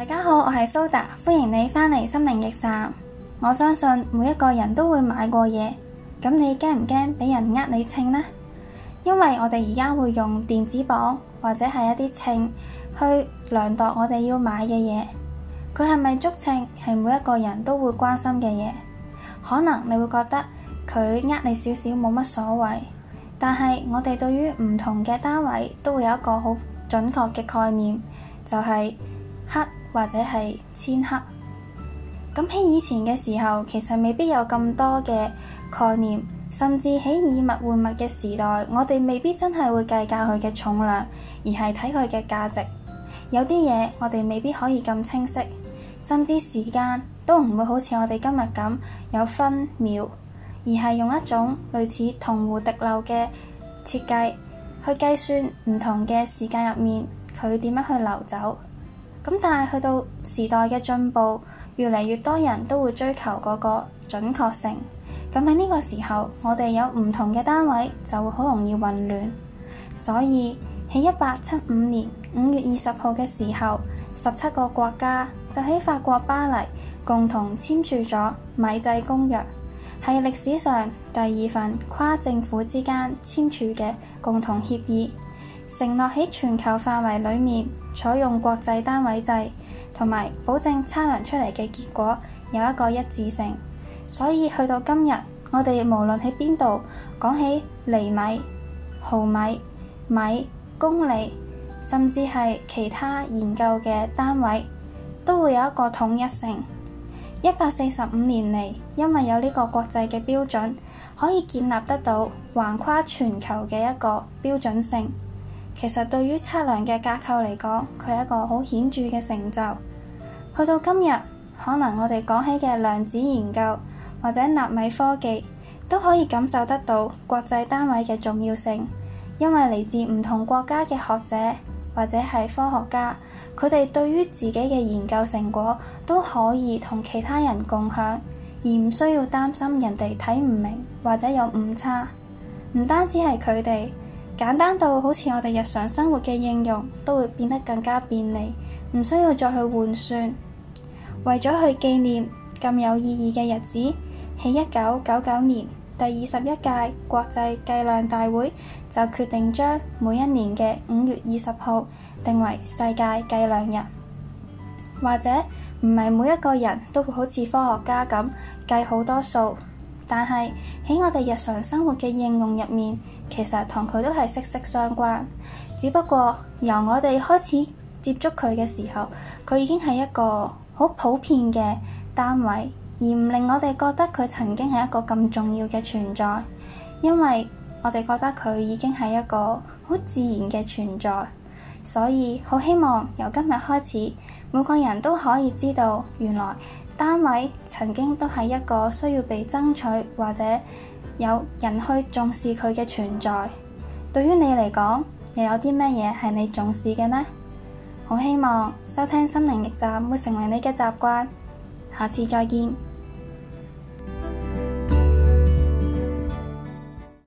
大家好，我係蘇達，歡迎你返嚟心靈驛站。我相信每一個人都會買過嘢，咁你驚唔驚俾人呃你稱呢？因為我哋而家會用電子磅或者係一啲稱去量度我哋要買嘅嘢，佢係咪足稱係每一個人都會關心嘅嘢。可能你會覺得佢呃你少少冇乜所謂，但係我哋對於唔同嘅單位都會有一個好準確嘅概念，就係黑。或者係千克，咁喺以前嘅時候，其實未必有咁多嘅概念，甚至喺以物換物嘅時代，我哋未必真係會計較佢嘅重量，而係睇佢嘅價值。有啲嘢我哋未必可以咁清晰，甚至時間都唔會好似我哋今日咁有分秒，而係用一種類似銅壺滴漏嘅設計去計算唔同嘅時間入面，佢點樣去流走。咁但係去到時代嘅進步，越嚟越多人都會追求嗰個準確性。咁喺呢個時候，我哋有唔同嘅單位就會好容易混亂。所以喺一八七五年五月二十號嘅時候，十七個國家就喺法國巴黎共同簽署咗米制公約，係歷史上第二份跨政府之間簽署嘅共同協議。承諾喺全球範圍裏面採用國際單位制，同埋保證測量出嚟嘅結果有一個一致性。所以去到今日，我哋無論喺邊度講起厘米、毫米、米、公里，甚至係其他研究嘅單位，都會有一個統一性。一百四十五年嚟，因為有呢個國際嘅標準，可以建立得到橫跨全球嘅一個標準性。其實對於測量嘅架構嚟講，佢係一個好顯著嘅成就。去到今日，可能我哋講起嘅量子研究或者納米科技，都可以感受得到國際單位嘅重要性。因為嚟自唔同國家嘅學者或者係科學家，佢哋對於自己嘅研究成果都可以同其他人共享，而唔需要擔心人哋睇唔明或者有誤差。唔單止係佢哋。簡單到好似我哋日常生活嘅應用都會變得更加便利，唔需要再去換算。為咗去紀念咁有意義嘅日子，喺一九九九年第二十一屆國際計量大會就決定將每一年嘅五月二十號定為世界計量日。或者唔係每一個人都會好似科學家咁計好多數。但係喺我哋日常生活嘅應用入面，其實同佢都係息息相關。只不過由我哋開始接觸佢嘅時候，佢已經係一個好普遍嘅單位，而唔令我哋覺得佢曾經係一個咁重要嘅存在，因為我哋覺得佢已經係一個好自然嘅存在。所以好希望由今日開始，每個人都可以知道原來。單位曾經都係一個需要被爭取或者有人去重視佢嘅存在。對於你嚟講，又有啲咩嘢係你重視嘅呢？好希望收聽心靈驛站會成為你嘅習慣。下次再見。